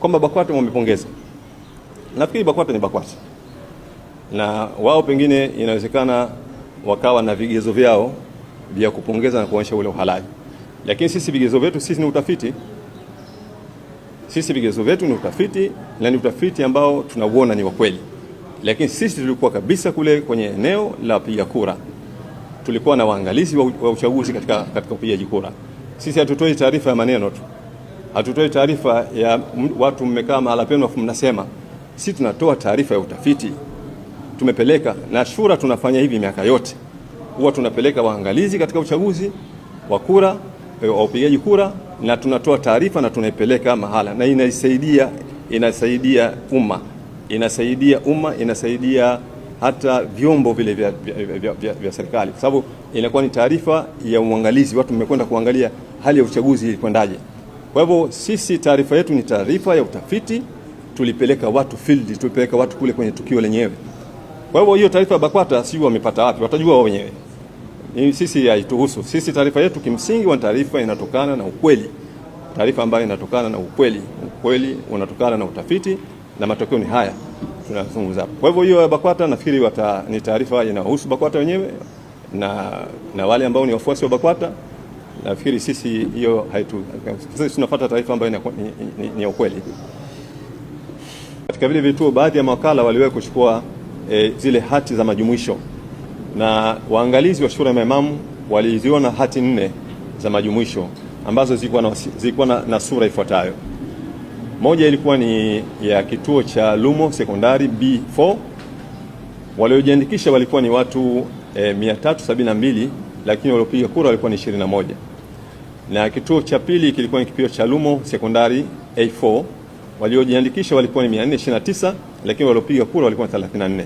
kwamba BAKWATA wamepongeza. Nafikiri BAKWATA ni BAKWATA na wao pengine inawezekana wakawa na vigezo vyao vya kupongeza na kuonyesha ule uhalali, lakini sisi vigezo vyetu sisi ni utafiti, sisi vigezo vyetu ni utafiti na ni utafiti ambao tunauona ni wa kweli, lakini sisi tulikuwa kabisa kule kwenye eneo la wapiga kura, tulikuwa na waangalizi wa uchaguzi katika, katika upigaji kura. Sisi hatutoi taarifa ya maneno tu hatutoi taarifa ya watu mmekaa mahala penu afu mnasema si tunatoa taarifa ya utafiti tumepeleka, na shura tunafanya hivi miaka yote, huwa tunapeleka waangalizi katika uchaguzi wa kura eh, wa upigaji kura, na tunatoa taarifa na tunaipeleka mahala, na inaisaidia inasaidia umma inasaidia umma inasaidia hata vyombo vile vya, vya, vya, vya, vya serikali, kwa sababu inakuwa ni taarifa ya uangalizi. Watu mmekwenda kuangalia hali ya uchaguzi ilikwendaje. Kwa hivyo sisi taarifa yetu ni taarifa ya utafiti, tulipeleka watu field, tulipeleka watu kule kwenye tukio lenyewe. Kwa hivyo hiyo taarifa ya BAKWATA sijui wamepata wapi, watajua wao wenyewe, sisi haituhusu sisi. Taarifa yetu kimsingi wa taarifa inatokana na ukweli, taarifa ambayo inatokana na ukweli, ukweli unatokana na utafiti na matokeo ni haya tunazungumza. Kwa hivyo hiyo ya BAKWATA nafikiri wata, ni taarifa inayohusu BAKWATA wenyewe na, na wale ambao ni wafuasi wa BAKWATA nafikiri sisi hiyo haitu, sisi tunafuata taarifa ambayo ni ya ukweli. Katika vile vituo, baadhi ya mawakala waliwahi kuchukua e, zile hati za majumuisho na waangalizi wa shura ya maimamu waliziona hati nne za majumuisho ambazo zilikuwa na, zilikuwa na, na sura ifuatayo. Moja ilikuwa ni ya kituo cha Lumo sekondari B4. Waliojiandikisha walikuwa ni watu e, 372 lakini waliopiga kura walikuwa ni 21 na kituo cha pili kilikuwa ni kipio cha Lumo sekondari A4. Waliojiandikisha walikuwa ni 429 lakini waliopiga kura walikuwa ni 34,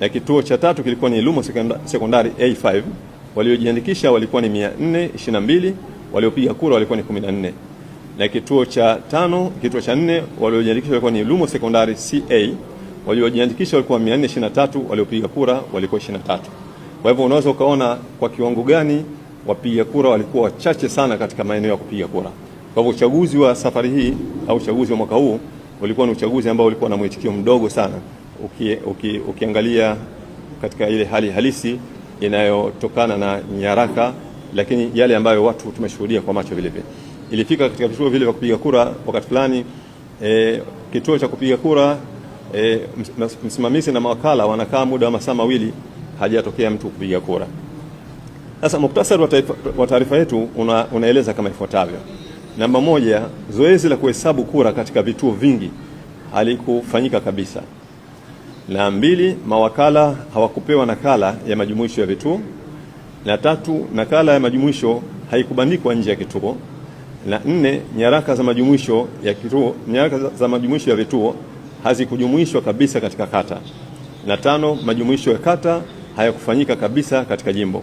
na kituo cha tatu kilikuwa ni Lumo sekondari A5. Waliojiandikisha walikuwa ni 422 waliopiga kura walikuwa ni 14, na kituo cha tano, kituo cha nne waliojiandikisha walikuwa ni Lumo sekondari CA. Waliojiandikisha walikuwa 423 waliopiga kura walikuwa 23. Kwa hivyo unaweza ukaona kwa kiwango gani wapiga kura walikuwa wachache sana katika maeneo ya kupiga kura. Kwa hivyo uchaguzi wa safari hii au uchaguzi wa mwaka huu ulikuwa ni uchaguzi ambao ulikuwa na mwitikio mdogo sana uki, uki, ukiangalia katika ile hali halisi inayotokana na nyaraka, lakini yale ambayo watu tumeshuhudia kwa macho vile vile. Ilifika katika vituo vile vya kupiga kura wakati fulani e, kituo cha kupiga kura e, msimamizi na mawakala wanakaa muda wa masaa mawili hajatokea mtu kupiga kura. Sasa muktasari wa taarifa yetu una, unaeleza kama ifuatavyo. Namba moja, zoezi la kuhesabu kura katika vituo vingi halikufanyika kabisa. Na mbili, mawakala hawakupewa nakala ya majumuisho ya vituo. Na tatu, nakala ya majumuisho haikubandikwa nje ya kituo. Na nne, nyaraka za majumuisho ya kituo, nyaraka za majumuisho ya vituo hazikujumuishwa kabisa katika kata. Na tano, majumuisho ya kata hayakufanyika kabisa katika jimbo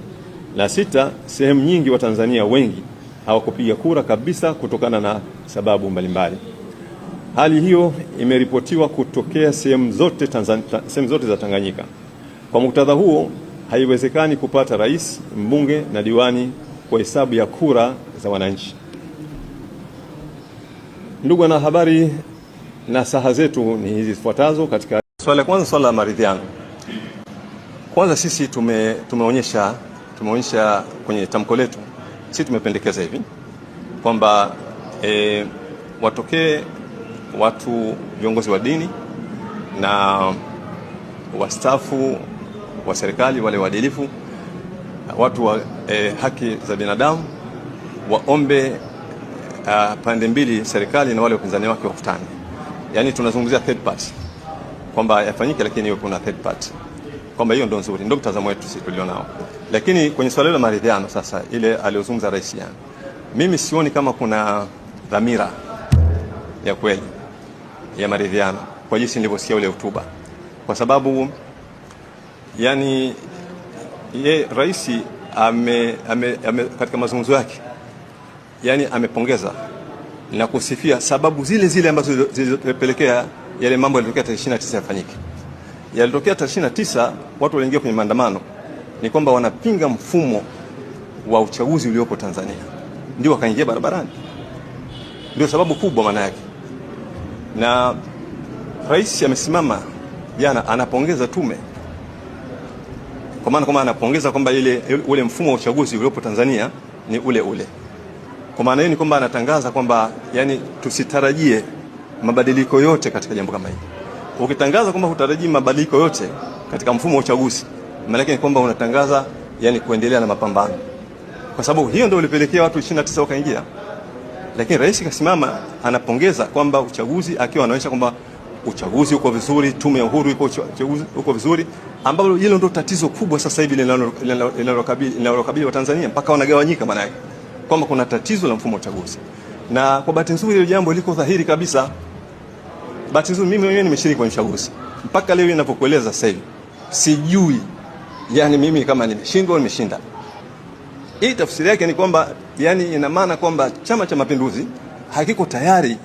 la sita. Sehemu nyingi wa tanzania wengi hawakupiga kura kabisa kutokana na sababu mbalimbali. Hali hiyo imeripotiwa kutokea sehemu zote, sehemu zote za Tanganyika. Kwa muktadha huo, haiwezekani kupata rais, mbunge na diwani kwa hesabu ya kura za wananchi. Ndugu wanahabari, na saha zetu ni hizi zifuatazo. Katika swala kwanza, swala la maridhiano kwanza sisi tume, tumeonyesha tumeonyesha kwenye tamko letu, sisi tumependekeza hivi kwamba e, watokee watu viongozi wa dini na wastaafu wa serikali wale waadilifu, watu wa e, haki za binadamu waombe a, pande mbili, serikali na wale wapinzani wake, wakutane. Yaani tunazungumzia third party kwamba yafanyike, lakini iwe kuna third party kwamba hiyo ndio nzuri, ndio mtazamo wetu sisi tulionao. Lakini kwenye swala la maridhiano sasa, ile aliyozungumza rais, yani mimi sioni kama kuna dhamira ya kweli ya maridhiano kwa jinsi nilivyosikia ule hotuba, kwa sababu yani ye rais ame, ame, ame, katika mazungumzo yake yani amepongeza na kusifia sababu zile zile ambazo zilizopelekea yale mambo yalitokea tarehe 29 yafanyike yalitokea tarehe 29 watu waliingia kwenye maandamano ni kwamba wanapinga mfumo wa uchaguzi uliopo Tanzania, ndio wakaingia barabarani, ndio sababu kubwa maana yake. Na rais amesimama jana anapongeza tume, kwa maana kwamba anapongeza kwamba ile ule mfumo wa uchaguzi uliopo Tanzania ni ule ule. Kwa maana hiyo ni kwamba anatangaza kwamba yani tusitarajie mabadiliko yote katika jambo kama hili. Ukitangaza kwamba hutarajii mabadiliko yote katika mfumo wa uchaguzi, maana yake ni kwamba unatangaza yani kuendelea na mapambano, kwa sababu hiyo ndio ilipelekea watu 29 wakaingia. Lakini rais kasimama anapongeza kwamba uchaguzi, akiwa anaonyesha kwamba uchaguzi uko vizuri, tume ya uhuru ipo, uchaguzi uko vizuri, ambapo hilo ndio tatizo kubwa sasa hivi linalokabili linalokabili wa Tanzania mpaka wanagawanyika, maana yake kwamba kuna tatizo la mfumo wa uchaguzi, na kwa bahati nzuri hilo jambo liko dhahiri kabisa. Bahati nzuri mimi mwenyewe nimeshiriki kwenye uchaguzi mpaka leo ninapokueleza sasa hivi, sijui yani mimi kama nimeshindwa au nimeshinda. Hii tafsiri yake ni kwamba yani, ina maana kwamba Chama cha Mapinduzi hakiko tayari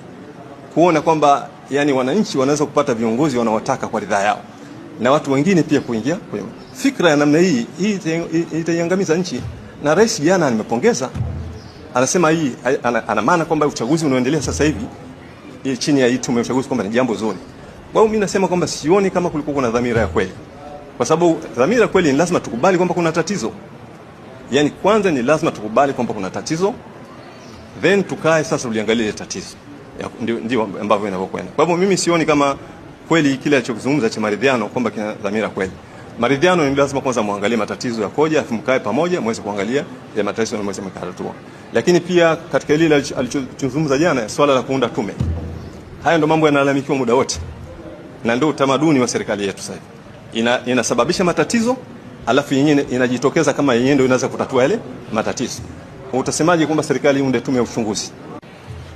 kuona kwamba yani wananchi wanaweza kupata viongozi wanaotaka kwa ridhaa yao na watu wengine pia kuingia kwenye fikra ya namna hii. Hii itaiangamiza nchi, na rais jana nimepongeza, anasema hii ana maana kwamba uchaguzi unaoendelea sasa hivi chini ya hii tume ya uchaguzi kwamba ni jambo zuri. Kwa hiyo mimi nasema kwamba sioni kama kulikuwa kuna dhamira ya kweli, kwa sababu dhamira kweli ni lazima tukubali kwamba kuna tatizo. Yaani kwanza ni lazima tukubali kwamba kuna tatizo, then tukae sasa uliangalie tatizo, ndio ndio ambavyo inavyokwenda. Kwa hivyo mimi sioni kama kweli kile alichozungumza cha maridhiano kwamba kina dhamira kweli. Maridhiano ni lazima kwanza muangalie matatizo yakoje, afu mkae pamoja muweze kuangalia ya matatizo na muweze mkatatua. Lakini pia katika ile alichozungumza jana swala la kuunda tume Haya ndo mambo yanalalamikiwa muda wote, na ndio utamaduni wa serikali yetu. Sasa ina, inasababisha matatizo alafu yenyewe inajitokeza kama yenyewe ndio inaweza kutatua yale matatizo. Utasemaje kwamba serikali iunde tume ya uchunguzi?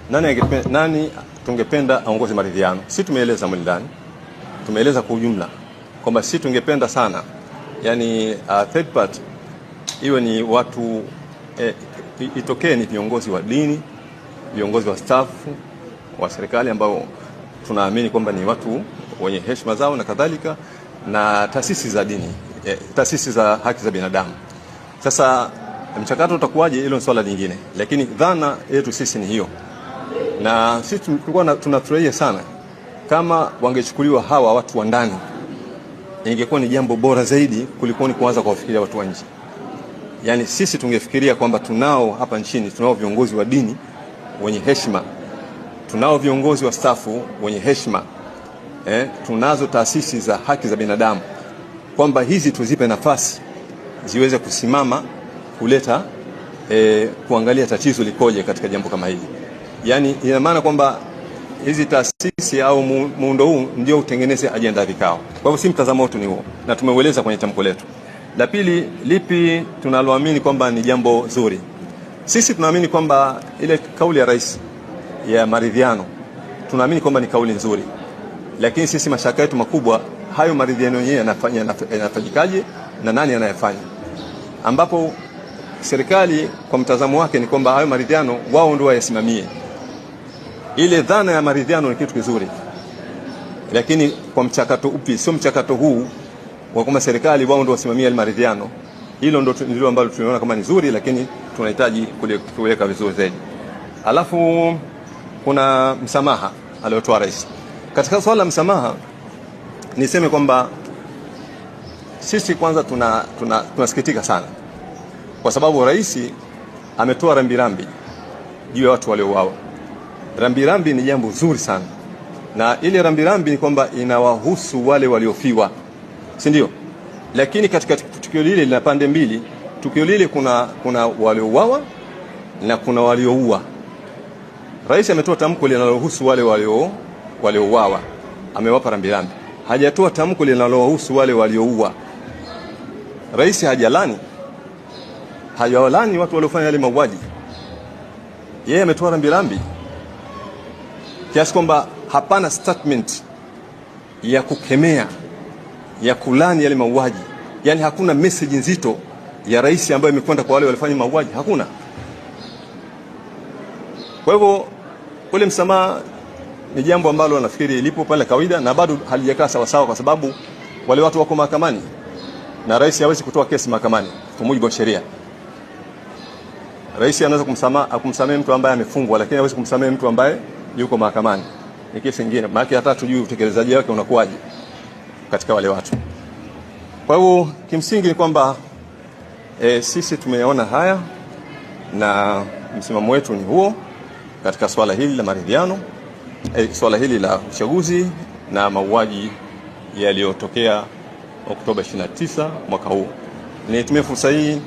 Nani, nani tungependa aongoze maridhiano? Si tumeeleza ndani, tumeeleza kwa ujumla kwamba si tungependa sana yani, uh, third party iwe ni watu eh, itokee ni viongozi wa dini, viongozi wa stafu wa serikali ambao tunaamini kwamba ni watu wenye heshima zao na kadhalika, na taasisi za dini, eh, taasisi za haki za binadamu. Sasa mchakato utakuwaje? Hilo ni swala lingine, lakini dhana yetu sisi ni hiyo, na sisi tulikuwa tunafurahia sana kama wangechukuliwa hawa watu wa ndani, ingekuwa ni jambo bora zaidi kuliko ni kuanza kuwafikiria watu wa nje. Yani sisi tungefikiria kwamba tunao hapa nchini tunao viongozi wa dini wenye heshima tunao viongozi wa stafu wenye heshima eh, tunazo taasisi za haki za binadamu, kwamba hizi tuzipe nafasi ziweze kusimama kuleta eh, kuangalia tatizo likoje katika jambo kama hili. Yani ina maana kwamba hizi taasisi au muundo huu ndio utengeneze ajenda ya vikao. Kwa hivyo si mtazamo wetu ni huo, na tumeueleza kwenye tamko letu. La pili, lipi tunaloamini kwamba ni jambo zuri? Sisi tunaamini kwamba ile kauli ya rais ya maridhiano. Tunaamini kwamba ni kauli nzuri, lakini sisi mashaka yetu makubwa, hayo maridhiano yenyewe yanafanyikaje na nani anayefanya, ambapo serikali kwa mtazamo wake ni kwamba hayo maridhiano wao ndio wayasimamie. Ile dhana ya maridhiano ni kitu kizuri, lakini kwa mchakato upi, sio mchakato huu wa kwamba serikali wao ndio wasimamie ile maridhiano. Hilo ndio ndilo ambalo tunaona kama ni zuri, lakini tunahitaji kuliweka vizuri zaidi alafu kuna msamaha aliotoa rais katika swala la msamaha. Niseme kwamba sisi kwanza tunasikitika tuna, tuna sana kwa sababu rais ametoa rambirambi juu ya watu waliouawa. Rambirambi ni jambo zuri sana, na ile rambirambi ni kwamba inawahusu wale waliofiwa, si ndio? Lakini katika tukio lile lina pande mbili. Tukio lile kuna, kuna waliouawa na kuna walioua. Rais ametoa tamko linalohusu wale waliouawa, amewapa rambirambi. Hajatoa tamko linalohusu wale walioua. Rais hajalani, hajawalani watu waliofanya yale mauaji. Yeye ametoa rambirambi kiasi kwamba hapana statement ya kukemea ya kulani yale mauaji, yaani hakuna message nzito ya rais ambayo imekwenda kwa wale walifanya mauaji, hakuna. Kwa hivyo ule msamaha ni jambo ambalo nafikiri lipo pale kawaida na bado halijakaa sawasawa, kwa sababu wale watu wako mahakamani na rais hawezi kutoa kesi mahakamani kwa mujibu wa sheria. Rais anaweza kumsamaha kumsamehe mtu ambaye amefungwa, lakini hawezi kumsamehe mtu ambaye yuko mahakamani. Ni kesi nyingine, maana hata tujui utekelezaji wake unakuwaje katika wale watu. Kwa hivyo kimsingi ni kwamba e, sisi tumeyaona haya na msimamo wetu ni huo katika swala hili la maridhiano, eh, swala hili la uchaguzi na mauaji yaliyotokea Oktoba 29 mwaka huu. Nitumie fursa hii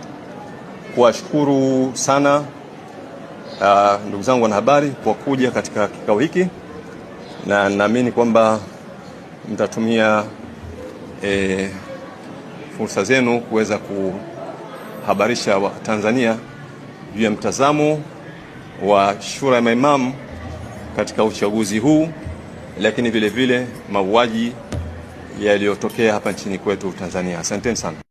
kuwashukuru sana uh, ndugu zangu wanahabari kwa kuja katika kikao hiki, na naamini kwamba mtatumia eh, fursa zenu kuweza kuhabarisha Watanzania juu ya mtazamo wa shura ya maimamu katika uchaguzi huu, lakini vile vile mauaji yaliyotokea hapa nchini kwetu Tanzania. Asanteni sana.